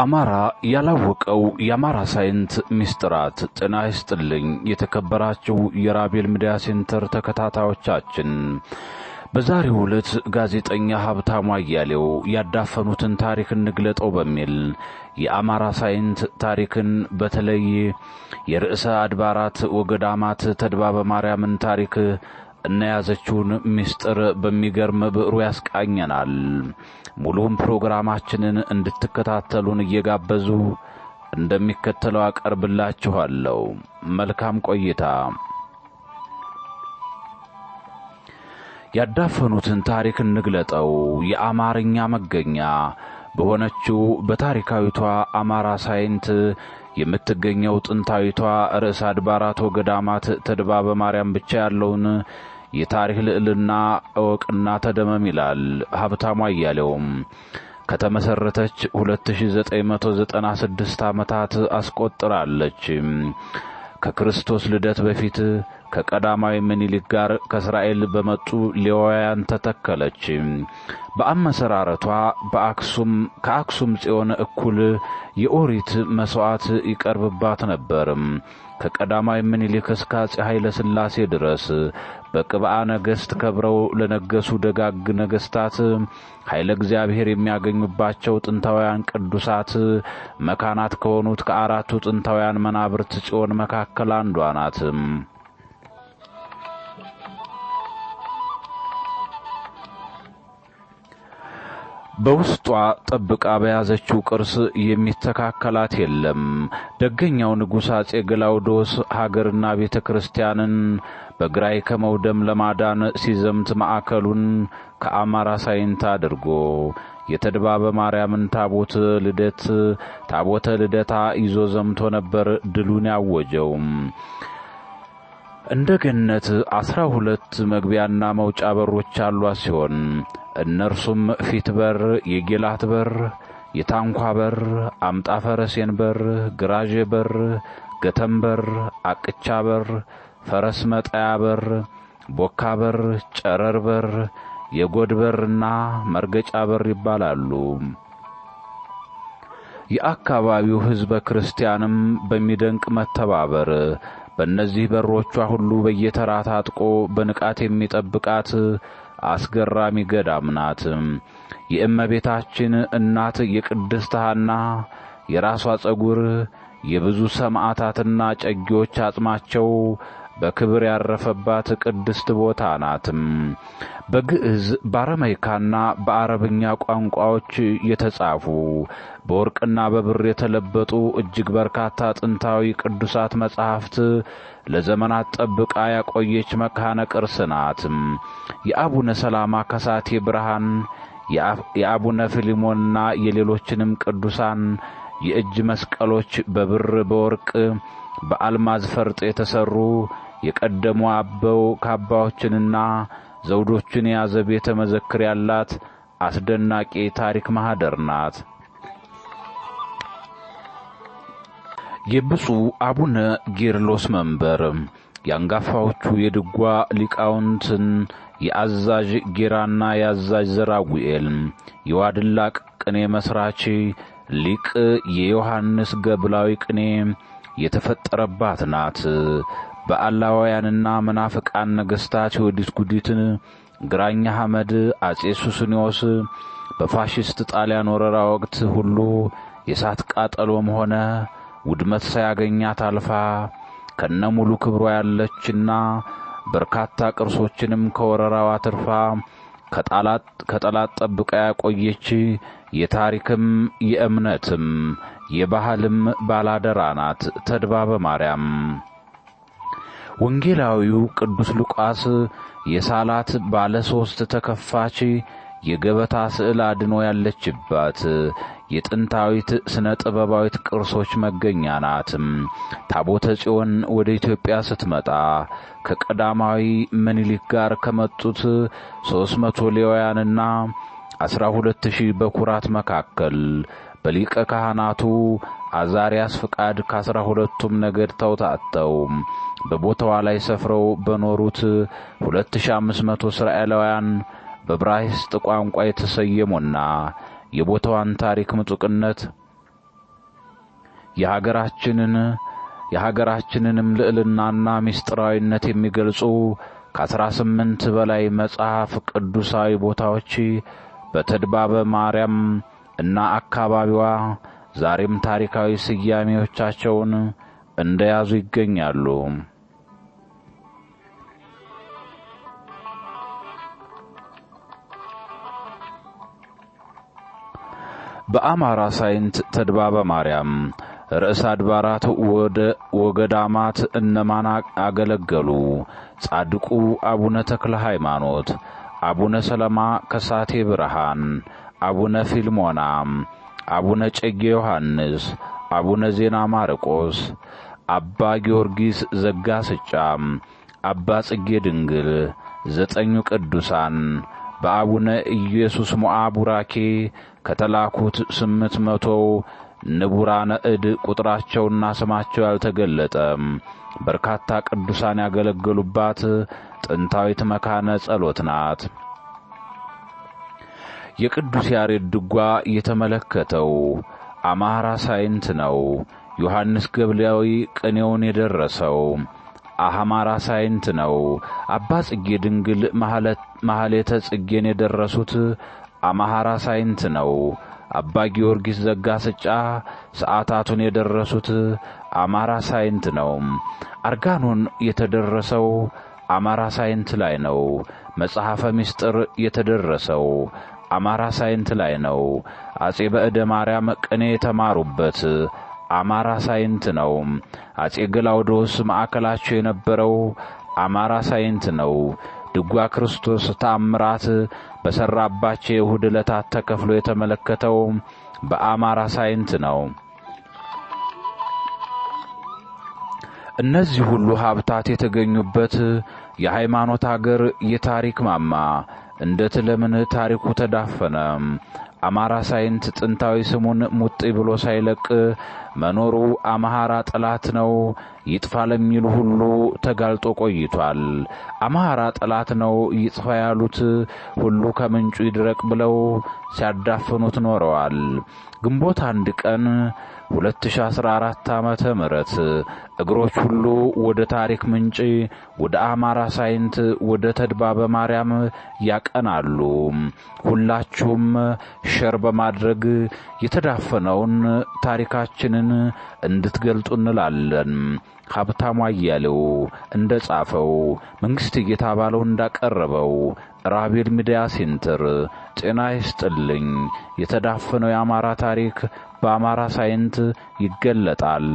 አማራ ያላወቀው የአማራ ሳይንት ሚስጥራት። ጤና ይስጥልኝ የተከበራችሁ የራቤል ሚዲያ ሴንተር ተከታታዮቻችን። በዛሬው ዕለት ጋዜጠኛ ሀብታሙ አያሌው ያዳፈኑትን ታሪክ እንግለጠው በሚል የአማራ ሳይንት ታሪክን በተለይ የርዕሰ አድባራት ወገዳማት ተድባበ ማርያምን ታሪክ እና የያዘችውን ምስጢር በሚገርም ብዕሩ ያስቃኘናል። ሙሉውን ፕሮግራማችንን እንድትከታተሉን እየጋበዙ እንደሚከተለው አቀርብላችኋለሁ። መልካም ቆይታ። ያዳፈኑትን ታሪክ እንግለጠው የአማርኛ መገኛ በሆነችው በታሪካዊቷ አማራ ሳይንት የምትገኘው ጥንታዊቷ ርዕሰ አድባራት ወገዳማት ተድባበ ማርያም ብቻ ያለውን የታሪክ ልዕልና እወቅና ተደመም ይላል ሀብታሙ አያሌውም። ከተመሰረተች 2996 ዓመታት አስቆጥራለች። ከክርስቶስ ልደት በፊት ከቀዳማዊ ምኒልክ ጋር ከእስራኤል በመጡ ሌዋውያን ተተከለች። በአመሰራረቷ በአክሱም ከአክሱም ጽዮን እኩል የኦሪት መሥዋዕት ይቀርብባት ነበር። ከቀዳማዊ ምኒልክ እስከ አፄ ኃይለ ሥላሴ ድረስ በቅብአ ነገሥት ከብረው ለነገሱ ደጋግ ነገሥታት ኃይለ እግዚአብሔር የሚያገኙባቸው ጥንታውያን ቅዱሳት መካናት ከሆኑት ከአራቱ ጥንታውያን መናብርት ጽዮን መካከል አንዷ ናት። በውስጧ ጠብቃ በያዘችው ቅርስ የሚተካከላት የለም። ደገኛው ንጉሥ አፄ ግላውዶስ ሀገርና ቤተ ክርስቲያንን በግራይ ከመውደም ለማዳን ሲዘምት ማዕከሉን ከአማራ ሳይንት አድርጎ የተድባበ ማርያምን ታቦት ልደት ታቦተ ልደታ ይዞ ዘምቶ ነበር ድሉን ያወጀውም። እንደ ገነት አስራ ሁለት መግቢያና መውጫ በሮች ያሏት ሲሆን እነርሱም ፊት በር፣ የጌላት በር፣ የታንኳ በር፣ አምጣ ፈረሴን በር፣ ግራዤ በር፣ ገተም በር፣ አቅቻ በር፣ ፈረስ መጣያ በር፣ ቦካ በር፣ ጨረር በር፣ የጎድ በርና መርገጫ በር ይባላሉ። የአካባቢው ሕዝበ ክርስቲያንም በሚደንቅ መተባበር በእነዚህ በሮቿ ሁሉ በየተራ ታጥቆ በንቃት የሚጠብቃት አስገራሚ ገዳም ናት። የእመቤታችን እናት የቅድስት ሐና የራሷ ጸጉር የብዙ ሰማዕታትና ጨጊዎች አጽማቸው በክብር ያረፈባት ቅድስት ቦታ ናትም። በግዕዝ በአረማይካና በአረብኛ ቋንቋዎች የተጻፉ በወርቅና በብር የተለበጡ እጅግ በርካታ ጥንታዊ ቅዱሳት መጻሕፍት ለዘመናት ጠብቃ ያቆየች መካነ ቅርስ ናትም። የአቡነ ሰላማ ከሳቴ ብርሃን የአቡነ ፊሊሞንና የሌሎችንም ቅዱሳን የእጅ መስቀሎች በብር በወርቅ በአልማዝ ፈርጥ የተሠሩ የቀደሙ አበው ካባዎችንና ዘውዶችን የያዘ ቤተ መዘክር ያላት አስደናቂ ታሪክ ማኅደር ናት። የብፁዕ አቡነ ጌርሎስ መንበር የአንጋፋዎቹ የድጓ ሊቃውንትን የአዛዥ ጌራና የአዛዥ ዘራጉኤል የዋድላቅ ቅኔ መስራች ሊቅ የዮሐንስ ገብላዊ ቅኔ የተፈጠረባት ናት። በአላውያንና መናፍቃን ነገሥታት የወዲት ጉዲትን ግራኛ ሐመድ አጼ ሱስኒዮስ በፋሽስት ጣሊያን ወረራ ወቅት ሁሉ የእሳት ቃጠሎም ሆነ ውድመት ሳያገኛት አልፋ ከነ ሙሉ ክብሯ ያለችና በርካታ ቅርሶችንም ከወረራዋ አትርፋ ከጠላት ጠብቃ ያቆየች የታሪክም የእምነትም የባህልም ባላደራ ናት ተድባበ ማርያም። ወንጌላዊው ቅዱስ ሉቃስ የሳላት ባለ ሦስት ተከፋች የገበታ ስዕል አድኖ ያለችባት የጥንታዊት ስነ ጥበባዊት ቅርሶች መገኛ ናት። ታቦተ ጽዮን ወደ ኢትዮጵያ ስትመጣ ከቀዳማዊ ምኒልክ ጋር ከመጡት ሦስት መቶ ሌዋውያንና ሁለት ሺህ በኩራት መካከል በሊቀ ካህናቱ አዛሪያስ ፍቃድ ከአስራ ሁለቱም ነገድ ተውታተው በቦታዋ ላይ ሰፍረው በኖሩት 2500 እስራኤላውያን በብራይስጥ ቋንቋ የተሰየሙና የቦታዋን ታሪክ ምጡቅነት የሀገራችንን የሀገራችንንም ልዕልናና ምስጢራዊነት የሚገልጹ ከአስራ ስምንት በላይ መጽሐፍ ቅዱሳዊ ቦታዎች በተድባበ ማርያም እና አካባቢዋ ዛሬም ታሪካዊ ስያሜዎቻቸውን እንደያዙ ይገኛሉ። በአማራ ሳይንት ተድባበ ማርያም ርዕሰ አድባራት ወደ ወገዳማት እነማን አገለገሉ? ጻድቁ አቡነ ተክለ ሃይማኖት፣ አቡነ ሰለማ ከሳቴ ብርሃን አቡነ ፊልሞና፣ አቡነ ጨጌ ዮሐንስ፣ አቡነ ዜና ማርቆስ፣ አባ ጊዮርጊስ ዘጋስጫ፣ አባ ጽጌ ድንግል፣ ዘጠኙ ቅዱሳን በአቡነ ኢየሱስ ሞዓ ቡራኬ ከተላኩት ስምንት መቶ ንቡራነ እድ ቁጥራቸውና ስማቸው ያልተገለጠ በርካታ ቅዱሳን ያገለገሉባት ጥንታዊት መካነ ጸሎት ናት። የቅዱስ ያሬድ ድጓ የተመለከተው አማራ ሳይንት ነው። ዮሐንስ ገብላዊ ቅኔውን የደረሰው አማራ ሳይንት ነው። አባ ጽጌ ድንግል ማኅሌተ ጽጌን የደረሱት አማራ ሳይንት ነው። አባ ጊዮርጊስ ዘጋ ስጫ ሰዓታቱን የደረሱት አማራ ሳይንት ነው። አርጋኖን የተደረሰው አማራ ሳይንት ላይ ነው። መጽሐፈ ምስጢር የተደረሰው አማራ ሳይንት ላይ ነው። አጼ በእደ ማርያም ቅኔ የተማሩበት አማራ ሳይንት ነው። አጼ ገላውዶስ ማዕከላቸው የነበረው አማራ ሳይንት ነው። ድጓ ክርስቶስ ታምራት በሰራባቸው የእሁድ ዕለታት ተከፍሎ የተመለከተው በአማራ ሳይንት ነው። እነዚህ ሁሉ ሀብታት የተገኙበት የሃይማኖት አገር የታሪክ ማማ እንደ ለምን ታሪኩ ተዳፈነ? አማራ ሳይንት ጥንታዊ ስሙን ሙጢ ብሎ ሳይለቅ መኖሩ አማራ ጠላት ነው ይጥፋ ለሚሉ ሁሉ ተጋልጦ ቆይቷል። አማራ ጠላት ነው ይጥፋ ያሉት ሁሉ ከምንጩ ይድረቅ ብለው ሲያዳፍኑት ኖረዋል። ግንቦት አንድ ቀን 2014 ዓመተ ምህረት እግሮች ሁሉ ወደ ታሪክ ምንጭ ወደ አማራ ሳይንት ወደ ተድባበ ማርያም ቀን አሉ። ሁላችሁም ሸር በማድረግ የተዳፈነውን ታሪካችንን እንድትገልጡ እንላለን። ሀብታሙ አያሌው እንደ ጻፈው፣ መንግሥት ጌታ ባለው እንዳቀረበው፣ ራቤል ሚዲያ ሴንትር ጤና ይስጥልኝ። የተዳፈነው የአማራ ታሪክ በአማራ ሳይንት ይገለጣል።